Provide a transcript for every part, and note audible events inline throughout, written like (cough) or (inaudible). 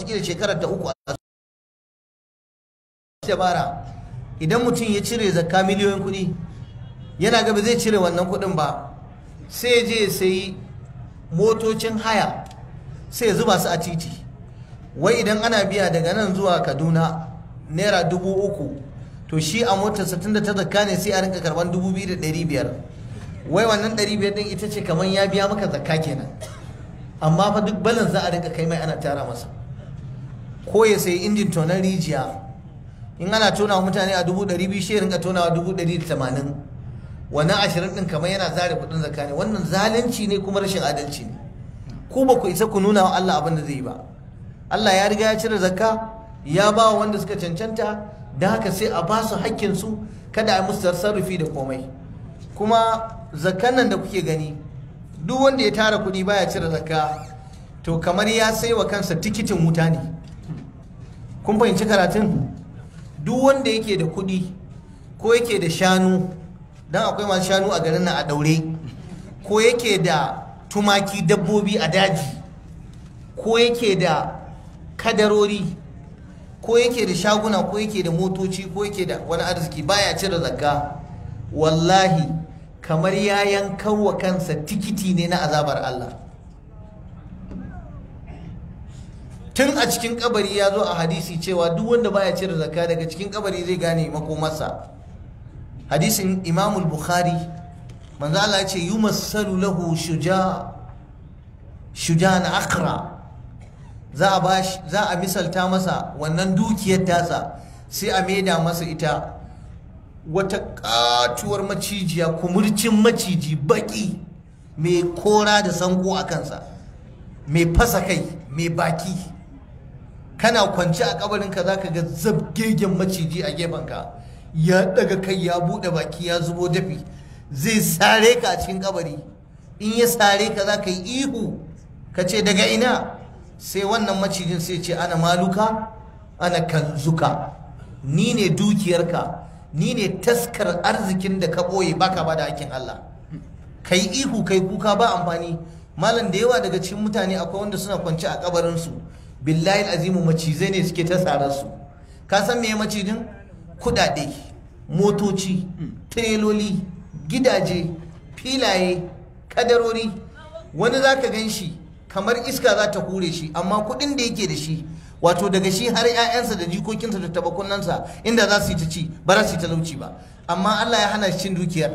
cikin shekarar ta uku a dabara idan mutum ya cire zakka miliyoyin kuɗi yana gaba zai cire wannan kuɗin ba sai je sai motocin haya sai zuba su a titi wai idan ana biya daga nan zuwa kaduna naira dubu uku to shi a motarsa tunda da ta zakka ne sai a rinka karban dubu biyu da ɗari biyar wai wannan ɗari biyar ɗin ita ce kamar ya biya maka zakka kenan amma fa duk balan za a rinka kai mai ana tara masa ko ya sayi injin tonon rijiya in ana tona mutane a dubu ɗari biyu shi ya rinka tona wa dubu ɗari da tamanin wannan ashirin ɗin kamar yana zare kuɗin zakka wannan zalunci ne kuma rashin adalci ne ku ba ku isa ku nuna wa Allah abin da zai yi ba Allah ya riga ya cire zakka ya ba wa wanda suka cancanta da haka sai a ba su haƙƙinsu kada a musu sarrafi da komai kuma zakkan nan da kuke gani duk wanda ya tara kuɗi baya cire zakka to kamar ya sai wa kansa tikitin wuta ne kun fahimci karatun duk wanda yake da kuɗi ko yake da shanu don akwai masu shanu a garin na a daure ko yake da tumaki dabbobi a daji ko yake da kadarori ko yake da shaguna ko yake da motoci ko yake da wani arziki baya cire zakka wallahi kamar ya kawo kansa tikiti ne na azabar Allah tun a cikin kabari ya zo a hadisi cewa duk wanda baya cire zakka daga cikin kabari zai gane makomarsa hadisin imamul bukhari manzo Allah ya ce yumassalu lahu shuja shujan akra za a ba za a misalta masa wannan dukiyar tasa sai a maida masa ita wata katuwar macijiya kumurcin maciji baki mai kora da sanko a kansa mai fasa kai mai baki kana kwance a kabarinka za ka ga zabgegen maciji a gefenka ya daga kai ya buɗe baki ya zubo dafi zai sare ka a cikin kabari in ya sare ka za ka yi ihu ka ce daga ina sai wannan macijin sai ce ana maluka ana kanzuka ni ne dukiyarka ni ne taskar arzikin da ka ɓoye baka ba da hakin Allah kai ihu kai kuka ba amfani malam da yawa daga cikin mutane akwai wanda suna kwance a kabarinsu billahi azimu macizai ne suke ta tsararsu. su ka san me macijin kudade motoci teloli gidaje filaye kadarori wani zaka gan shi kamar iska za ta hure shi amma kudin da yake da shi wato daga shi har 'ya'yansa da jikokinsa da tabakunansa inda za su yi ta ci ba za su yi talauci ba amma Allah ya hana shi cin dukiyar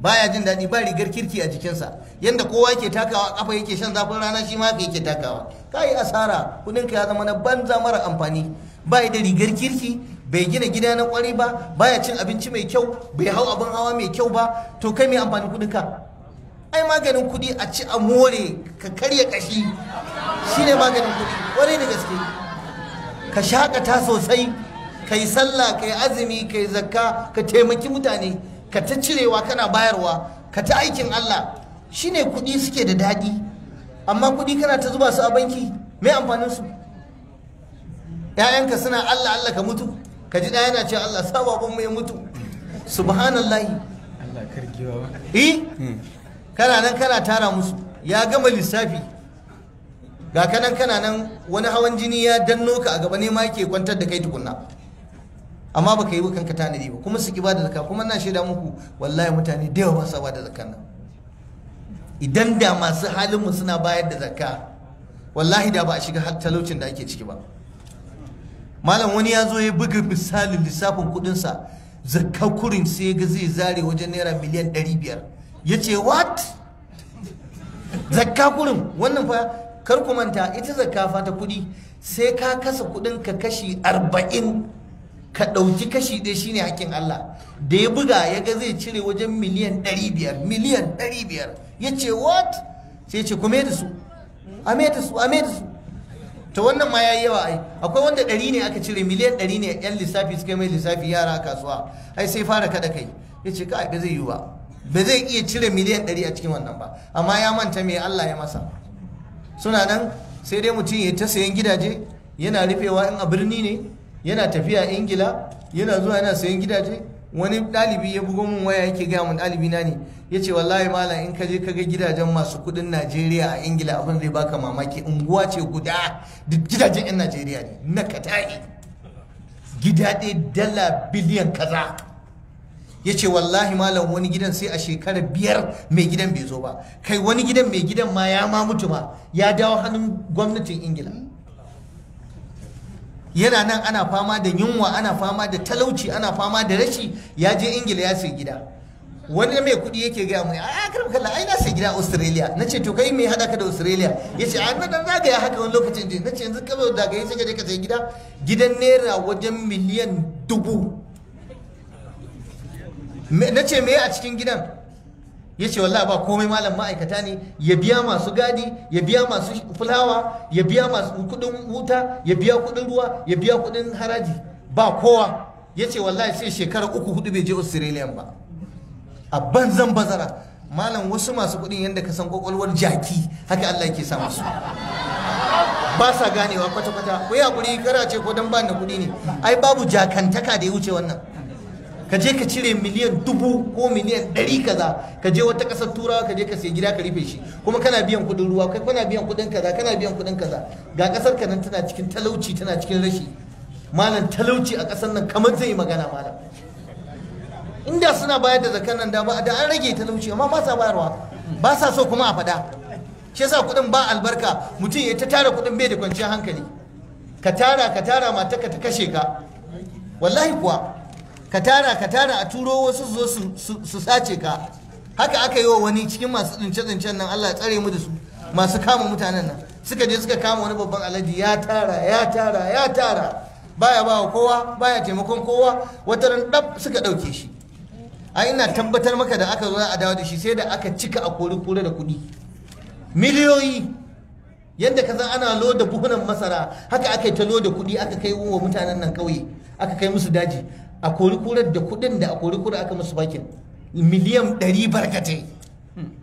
baya jin daɗi ba rigar kirki a jikinsa yadda kowa yake takawa kafa yake shan zafin rana shi ma yake takawa Ka yi asara kudin ka ya zama na banza mara amfani bai da rigar kirki bai gina gida na kwari ba baya cin abinci mai kyau bai hau abin hawa mai kyau ba to kai mai amfani kudin ka ai maganin kudi a ci a more ka karya kashi shine maganin kudi kwarai da gaske ka shakata sosai kai sallah kai azumi kai zakka ka taimaki mutane ka ta cirewa kana bayarwa ka ta aikin Allah shine kuɗi suke da daɗi amma kuɗi kana ta zuba su a banki me amfanin su ƴaƴanka suna Allah Allah ka mutu ka ji ɗaya yana ce Allah Sabu baban mai ya mutu Subhanallah. Allah karkiwa eh hmm. kana nan kana tara musu ya gama lissafi ga kanan kana nan wani hawan jini ya danno ka a gaba ne ma yake kwantar da kai tukunna amma baka yi kanka tanadi ba kuma su ki ba da zakka kuma na shaida muku wallahi mutane da yawa sa ba da zakka nan idan da masu halin mu suna bayar da zakka wallahi da ba a shiga talaucin da ake ciki ba malam wani ya zo ya buga misalin lissafin kudinsa zakka kurin sai ya ga zai zare wajen naira miliyan 500 ya ce what zakka kurin wannan fa kar ku manta ita zakka fa ta kudi sai ka kasa kudin ka kashi arba'in ka ɗauki kashi ɗaya shine hakkin Allah da ya buga ya ga zai cire wajen miliyan ɗari biyar miliyan ɗari biyar ya ce what sai ce kuma da su a da su a da su ta wannan ma ya yi yawa ai akwai wanda ɗari ne aka cire miliyan ɗari ne yan lissafi suka mai lissafi yara a kasuwa ai sai fara kada kai ya ce kai ba zai yi ba ba zai iya cire miliyan ɗari a cikin wannan ba amma ya manta me Allah ya masa suna nan sai dai mutum ya ta sayan gidaje yana rufewa in a birni ne yana tafiya ingila yana zuwa yana sayan gidaje wani ɗalibi ya bugo min waya yake gaya min ɗalibi na ne ya ce wallahi malam in ka je ka ga gidajen masu kuɗin najeriya a ingila abin zai baka mamaki unguwa ce guda duk gidajen 'yan najeriya ne na kata'i gida ɗaya dala biliyan kaza ya ce wallahi malam wani gidan sai a shekarar biyar mai gidan bai zo ba kai wani gidan mai gidan ma ya ma mutu ba. ya dawo hannun gwamnatin ingila yana nan ana fama da yunwa ana fama da talauci ana fama da rashi ya je ingila ya sai gida wani mai kuɗi yake gaya mu a karbi kalla ai na sai gida australia na ce to kai mai haɗa ka da australia ya ce a nan zagaya haka wani lokacin je na ce yanzu ka da daga sai ka je ka sai gida gidan naira wajen miliyan dubu na ce me a cikin gidan ya ce wallahi ba komai malam ma'aikata ne ya biya masu gadi ya biya masu fulawa ya biya masu kudin wuta ya biya kudin ruwa ya biya kudin haraji ba kowa ya ce wallahi sai shekara uku hudu bai je australia ba a banzan bazara malam wasu masu kudin yadda ka san kwakwalwar jaki haka allah yake sa masu ba sa ganewa kwata-kwata ko ya hakuri kara ce ko don ba ni kuɗi ne ai babu jakantaka da ya wuce wannan ka je ka cire miliyan dubu ko miliyan ɗari kaza ka je wata ƙasar turawa ka je ka sai gida ka rufe shi kuma kana biyan kuɗin ruwa kai kana biyan kuɗin kaza kana biyan kuɗin kaza ga ƙasar ka nan tana cikin talauci tana cikin rashi malam talauci a ƙasar nan kamar zai magana malam inda suna bayar da zakan nan da ba da an rage talauci amma ba sa bayarwa ba sa so kuma a faɗa shi yasa kuɗin ba albarka mutum ya ta tara kuɗin bai da kwanciyar hankali ka tara ka tara mata ka ta kashe ka wallahi kuwa ka tara ka tara a turo wasu zo su sace ka haka aka yi wa wani cikin masu tsince-tsincen nan Allah tsare mu da su masu kama mutanen nan suka je suka kama wani babban alaji. ya tara ya tara ya tara baya ba kowa baya taimakon kowa wata ran dab suka dauke shi a ina tabbatar maka da aka zo a dawo da shi sai da aka cika a kori kore da kuɗi miliyoyi yadda ka san ana loda buhunan masara haka aka yi ta loda kuɗi aka kai wa mutanen nan kauye aka kai musu daji a kori kurar da kudin da a kori kura aka musu bakin miliyan ɗari barkatai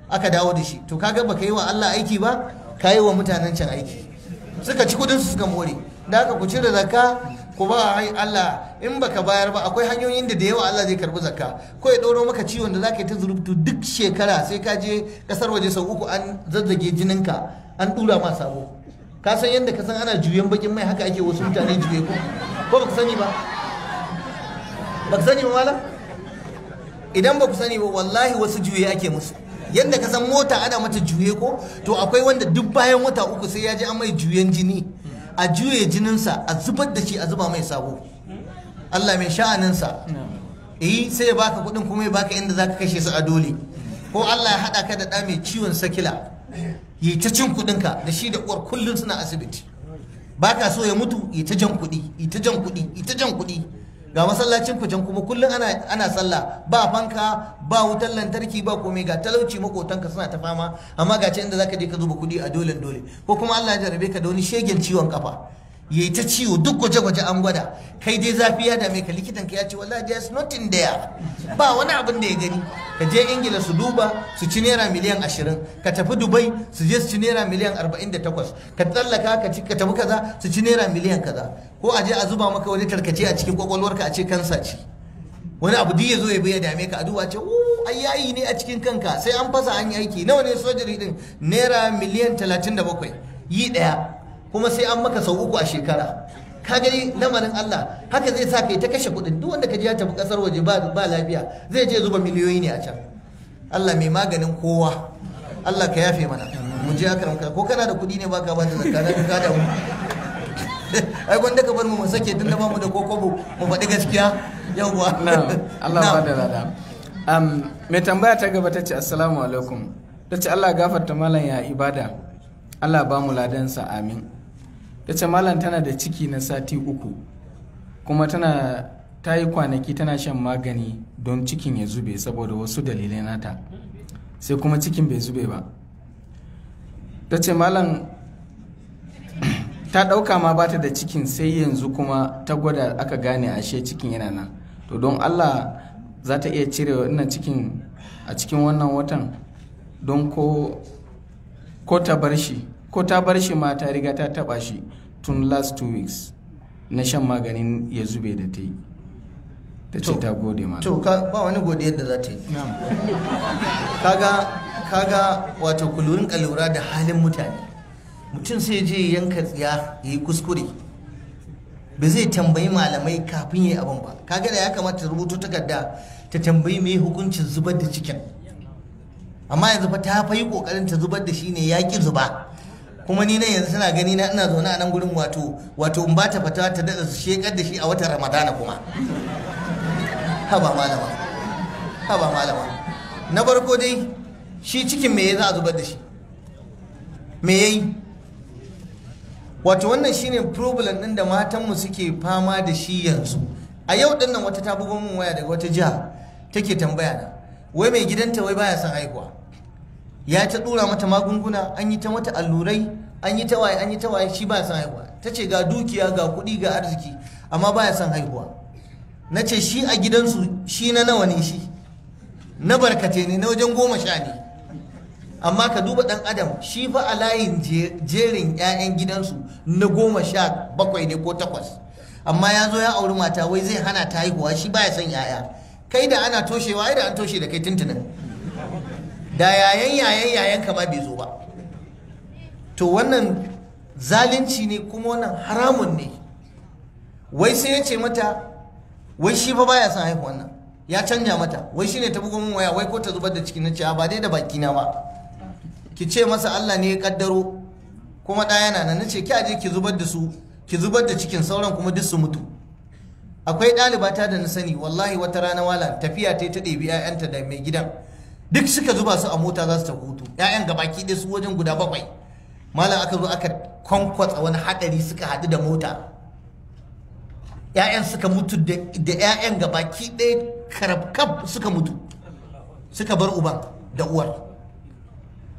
aka dawo da shi to kaga baka yi wa Allah aiki ba ka yi wa mutanen can aiki suka ci kudin su suka more da haka ku cire zakka ku ba Allah in baka bayar ba akwai hanyoyin da da yawa Allah zai karbi zakka ko ya ɗoro maka ciwon da zaka yi ta zurubtu duk shekara sai ka je kasar waje sau uku an zazzage jinin ka, an dura ma sabo ka san yadda ka san ana juyen bakin mai haka ake wasu mutane juye ko ba ka sani ba ba sani ba mala idan ba sani ba wallahi wasu juye ake musu yadda ka san mota ana mata juye ko to akwai wanda duk bayan wata uku sai ya ji an mai juyen jini a juye jininsa a zubar da shi a zuba mai sabo Allah mai sha'aninsa eh sai ya baka kuɗin kuma ya baka inda zaka kashe su a dole ko Allah ya haɗa ka da ɗa mai ciwon sakila yi ta cin kuɗinka da shi da uwar kullum suna asibiti baka so ya mutu yi ta jan kuɗi yi ta jan kuɗi yi ta jan kuɗi ga masallacin ku kuma kullum ana ana sallah ba fanka ba wutar lantarki ba komai ga talauci makotanka suna ta fama amma ga ce inda ka je ka zuba kuɗi a dole dole ko kuma Allah ya jarabe ka da wani shegen ciwon kafa ya yi ta ciwo duk gwaje-gwaje an gwada kai dai zafi ya dame ka likitan ka ya ce wallahi there is nothing there ba wani abin da ya gani ka je ingila su duba su ci naira miliyan 20 ka tafi dubai su je su ci naira miliyan 48 ka tsallaka ka ci ka tafi kaza su ci naira miliyan kaza ko a je a zuba maka wani tarkace a cikin kwakwalwarka a ce kansa ce wani abu ya zo ya bi ya dame ka a duba ce ai yayi ne a cikin kanka sai an fasa an yi aiki nawa ne sojiri din naira miliyan talatin da 37 yi daya kuma sai an maka sau uku a shekara ka gani lamarin Allah haka zai sa kai ta kashe kuɗin duk wanda ka ji ya tafi ƙasar waje ba ba lafiya zai je zuba miliyoyi ne a can Allah mai maganin kowa Allah ka yafe mana mu je aka ramka ko kana da kuɗi ne baka ba da zakka ka da mu (laughs) ai gwanda ka bar mu mu sake tunda ba mu da kokobo mu faɗi gaskiya yauwa Allah (laughs) ba da lada um mai tambaya ta gaba ta ce assalamu alaikum ta ce Allah gafarta malam ya ibada Allah ba mu ladansa amin ta ce malam tana da ciki na sati uku kuma tana ta yi kwanaki tana shan magani don cikin ya zube saboda wasu dalilai nata sai kuma cikin bai zube ba ta ce malam (clears throat) ta ɗauka ma bata da cikin sai yanzu kuma ta gwada aka gane ashe cikin yana nan to don allah za ta iya cire wannan cikin a cikin wannan watan don ko ta bar shi ko ta bar shi ma ta riga ta taba shi tun last two weeks na shan maganin ya zube da ta yi ta ce ta gode ma to ba wani godiyar da za ta yi kaga kaga wato kulurin kalura da halin mutane mutum sai je yanka tsiya ya yi kuskure ba zai tambayi malamai kafin ya yi abin ba kaga da ya kamata rubutu takarda ta tambayi mai hukuncin zubar da cikin amma yanzu fa ta fa yi kokarin ta zubar da shi ne ya ki zuba kuma ni nan yanzu suna gani na ina zaune a nan gurin wato wato in ba ta fata ta dada su shekar da shi a watan ramadana kuma haba malama haba malama na farko dai shi cikin me za a zubar da shi me ya yi? wato wannan shine problem ɗin da matanmu suke fama da shi yanzu a yau ɗin nan wata ta bugo min waya daga wata jiha take tambaya na wai mai gidanta wai baya son haihuwa ya ta dora mata magunguna an yi ta mata allurai an yi ta waye an yi ta waye shi ba san haihuwa ta ce ga dukiya ga kuɗi ga arziki amma ba ya son haihuwa na ce shi a gidansu shi na nawa ne shi na barkate ne na wajen goma sha ne amma ka duba ɗan adam shi fa a layin jerin 'ya'yan gidansu na goma sha bakwai ne ko takwas amma ya zo ya auri mata wai zai hana ta haihuwa shi ba ya son 'ya'ya kai da ana toshewa ai da an toshe da kai tuntunan da yayan yayan yayan kama bai zo ba to wannan zalunci ne kuma wannan haramun ne wai sai ya ce mata wai shi fa baya son haihu wannan ya canja mata wai shine ta bugun waya wai ko ta zubar da cikin cewa ba dai da baki na ba ki ce masa Allah ne ya kaddaro kuma da yana nan nace ki aje ki zubar da su ki zubar da cikin sauran kuma duk su mutu akwai ɗalibata da na sani wallahi wata rana wala tafiya ta ta ɗebi 'ya'yanta da mai gidan duk suka zuba su a mota za su tafi hutu ƴaƴan gabaki ɗaya su wajen guda bakwai malam aka zo aka kwankwatsa wani haɗari suka haɗu da mota ƴaƴan suka mutu da ƴaƴan gabaki ɗaya karabkab suka mutu suka bar uban da uwar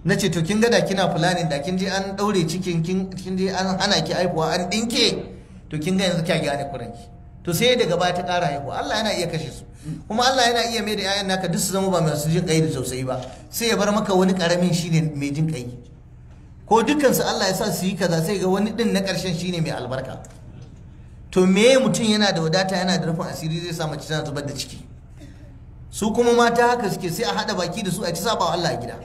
na ce to kin gada kina fulani, da kin je an ɗaure cikin kin je an hana ki aikuwa an ɗinke to kin ga yanzu kya gane kuranki to sai daga baya ta kara haihuwa Allah yana iya kashe su kuma Allah yana iya mai da 'ya'yan naka duk su zama ba masu jin kai da sosai ba sai ya bar maka wani karamin shine mai jin kai ko dukansu Allah ya sa su yi kaza sai ga wani din na ƙarshen shine mai albarka to me mutum yana da wadata yana da rufin asiri zai sa mace tana zubar da ciki su kuma mata haka suke sai a hada baki da su a ci saba Allah a gida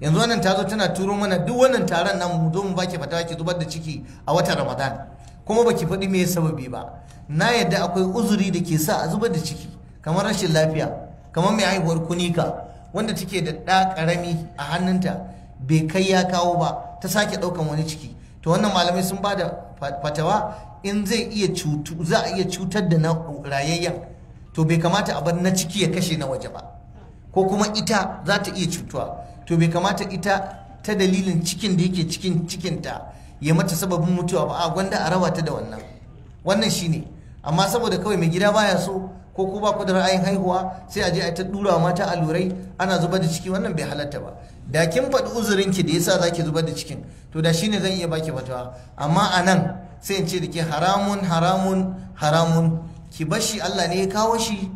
yanzu wannan tazo tana turo mana duk wannan taron nan mu zo mu baki fatawa ki zubar da ciki a watan Ramadan kuma baki faɗi me sababi ba na yadda akwai uzuri da ke sa a zubar da ciki kamar rashin lafiya kamar mai haihuwar kunika wanda take da ɗa ƙarami a hannunta bai kai ya kawo ba ta sake ɗaukan wani ciki to wannan malamai sun ba da fatawa in zai iya cutu za a iya cutar da na rayayya to bai kamata a bar na ciki ya kashe na waje ba ko kuma ita za ta iya cutuwa to bai kamata ita ta dalilin cikin da yake cikin cikinta ya mata sababin mutuwa ba a gwanda a rawata da wannan wannan ne. amma saboda kawai mai gida baya so ko ko ba ku da ra'ayin haihuwa sai a je a ta dura mata a lurai ana zubar da ciki wannan bai halatta ba da kin faɗi uzurin ki da yasa zaki zubar da cikin to da shine zan iya baki fatawa amma anan sai in ce da ke haramun haramun haramun ki bashi Allah ne ya kawo shi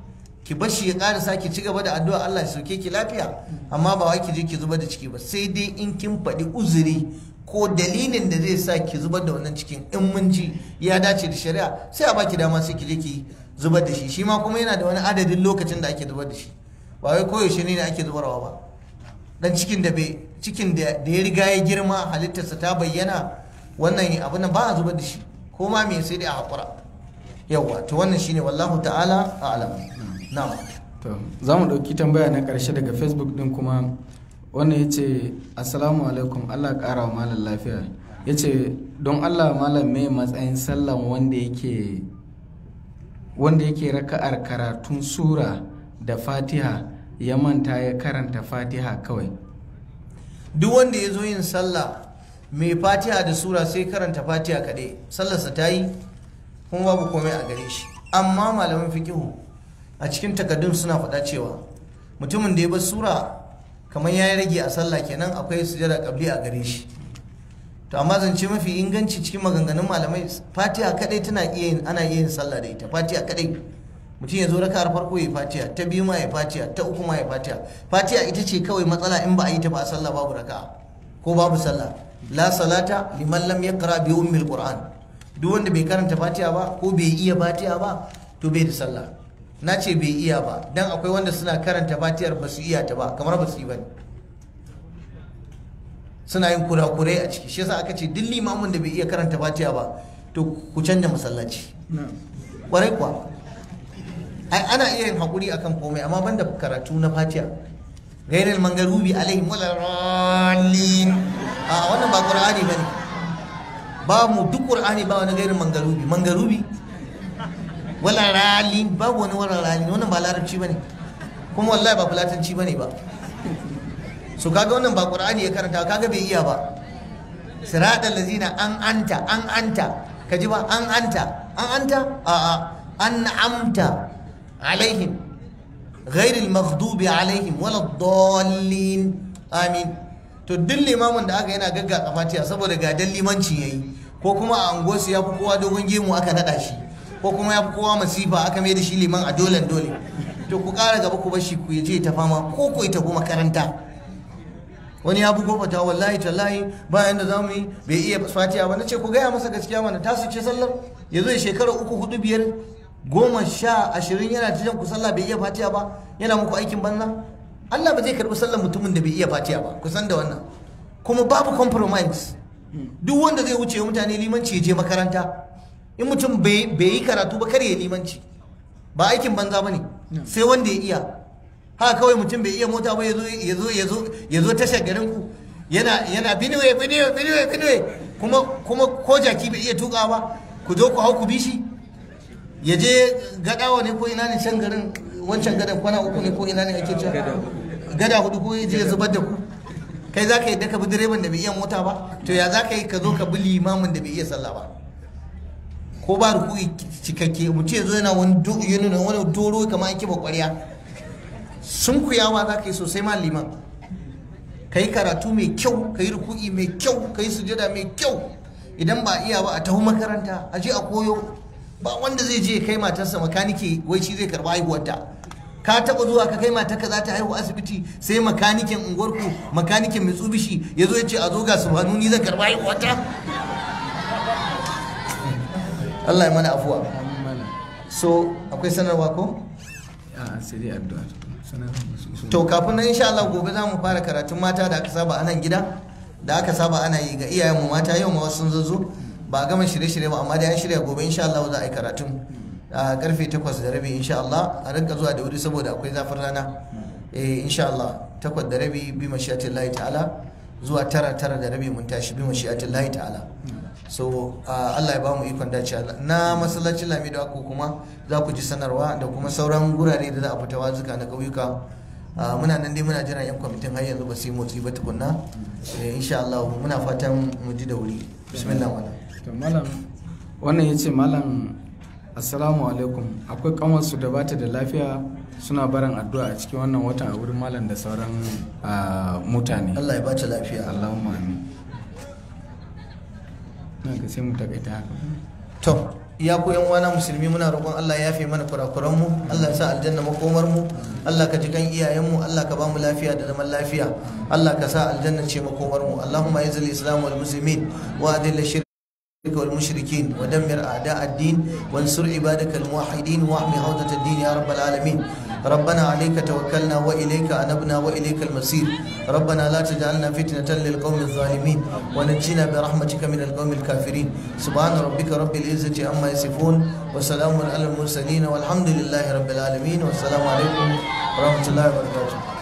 ki bashi ya karasa ki ci gaba da addu'a Allah ya sauke ki lafiya amma ba wai ki je ki zubar da ciki ba sai dai in kin faɗi uzuri ko dalilin da zai sa ki zubar da wannan cikin in mun ji ya dace da shari'a sai a baki dama sai ki je ki zubar da shi shi ma kuma yana da wani adadin lokacin da ake zubar da shi ba wai koyaushe ne ake zubarwa ba dan cikin da cikin da ya riga ya girma halittarsa ta bayyana wannan abin nan ba a zubar da shi ko ma me sai dai a hakura yawa to wannan shine wallahu ta'ala a'lam na'am to za mu ɗauki tambaya na karshe daga facebook ɗin kuma Wani ya ce assalamu alaikum allah ƙara wa malam lafiya ya ce don allah malam mai matsayin sallan wanda yake wanda yake raka'ar karatun sura da fatiha ya manta ya karanta fatiha kawai duk wanda ya zo yin sallah mai fatiha da sura sai karanta fatiha kaɗai sallarsa ta yi kuma babu komai a gare shi amma malaman fikihu a cikin takaddun suna faɗa cewa mutumin da ya bar sura kamar ya rage a sallah kenan akwai sujada kabli a gare shi to amma zance mafi inganci cikin maganganun malamai fatiha kadai tana iya yin ana iya yin sallah da ita fatiha kadai mutum ya zo raka'ar farko ya fatiha ta biyu ma ya fatiha ta uku ma ya fatiha fatiha ita ce kawai matsala in ba a yi ta ba a sallah babu raka'a ko babu sallah la salata liman lam yaqra bi ummil qur'an duk wanda bai karanta fatiha ba ko bai iya fatiha ba to bai da sallah na ce bai iya ba don akwai wanda suna karanta fatiyar ba su iya ta ba kamar ba su yi ba ne suna yin kurakurai a ciki shi yasa aka ce duk limamin da bai iya karanta fatiya ba to ku canja masallaci kwarai kuwa ai ana iya yin hakuri akan komai amma banda karatu na fatiya gairar mangarubi alaihi walarallin a wannan ba qur'ani bane ba mu duk qur'ani ba wani gairar mangarubi mangarubi wala rali babu wani wala rali wannan ba larabci bane kuma wallahi ba fulatanci bane ba so kaga wannan ba qur'ani ya karanta kaga bai iya ba siratal lazina an anta an anta ji ba an anta an anta a a an amta alaihim ghairil maghdubi alaihim wala dallin amin to duk limamin da aka yana gagga fatiha saboda ga dan limanci yayi ko kuma a anguwarsu ya fi kowa dogon gemu aka naɗa shi ko kuma ya fi kowa masifa aka mai da shi liman a dole dole to ku ƙara gaba ku bashi ku je ta fama ko ku ita kuma makaranta wani ya bugo ta wallahi tallahi bayan da zamu yi bai iya fatiha ba nace ku gaya masa gaskiya mana ta su ce sallar ya zo shekara uku hudu biyar goma sha ashirin yana ta jan ku sallah bai iya fatiha ba yana muku aikin banza Allah ba zai karɓi sallar mutumin da bai iya fatiha ba ku san da wannan kuma babu compromise duk wanda zai wuce mutane limanci ya je makaranta in mutum bai yi karatu ba kar ya limanci ba aikin banza ba ne sai wanda ya iya haka kawai mutum bai iya mota ba ya zo ta garin ku yana yana binuwe binuwe binuwe binuwe kuma kuma ko jaki bai iya tuka ba ku zo ku hau ku bishi ya je gadawa ne ko ina ne can garin wancan gadan kwana uku ne ko ina ne ake can gada hudu ko ya je ya zubar da ku kai za ka yi daka ka bi direban da bai iya mota ba to ya za ka yi ka zo ka bi limamin da bai iya sallah ba ko ba ruku'i cikakke mutum ya zo yana wani wani doro kama yake kiba kwarya sun yawa za ka yi sosai ma liman ka yi karatu mai kyau ka yi ruku'i mai kyau ka yi sujada mai kyau idan ba iya ba a taho makaranta a je a koyo ba wanda zai je kai matarsa makanike wai shi zai karba haihuwarta ka taba zuwa ka kai matarka za ta haihu asibiti sai makanikin unguwarku makanikin mitsubishi ya zo ya ce a zo ga subhanuni zan karba haihuwarta Allah ya mana afuwa so akwai sanarwa ko sai addu'a to kafin nan insha Allah gobe za mu fara karatun mata da aka saba anan gida da aka saba ana yi ga iyayen mu mata yau ma wasu sun zo ba gama shirye-shirye ba amma dai an shirya gobe insha Allah za a yi karatun a karfe 8 da rabi insha Allah a rinka zuwa da wuri saboda akwai zafin rana eh insha Allah 8 da rabi bi mashiyatin Allah ta'ala zuwa tara tara da rabi mun tashi bi mashiyatin Allah ta'ala so uh, Allah ya ba mu ikon dace na masallacin lamido ako kuma za ku ji sanarwa da kuma sauran gurare da za a fita wazuka na ƙauyuka uh, muna nan dai muna jiran yan kwamitin har yanzu ba su yi motsi ba tukunna eh, insha Allah muna fatan mu ji da wuri bismillah malam wannan ya malam assalamu alaikum akwai su da bata da lafiya suna barin addu'a a cikin wannan watan a wurin malam da sauran uh, mutane Allah ya bata lafiya Allahumma amin sai mu haka to ya ku yan wana musulmi muna roƙon Allah ya yafe mana kurakuran mu Allah ya sa aljanna makomar mu Allah ka ji kan iyayen mu Allah ka ba mu lafiya da zaman lafiya Allah ka sa aljanna ce makomar mu Allahumma yazil islam wal muslimin wa adil shirk والمشركين ودمر أعداء الدين وانصر عبادك الموحدين واحمي عودة الدين يا رب العالمين ربنا عليك توكلنا وإليك أنبنا وإليك المصير ربنا لا تجعلنا فتنة للقوم الظالمين ونجنا برحمتك من القوم الكافرين سبحان ربك رب العزة عما يصفون وسلام على المرسلين والحمد لله رب العالمين والسلام عليكم ورحمة الله وبركاته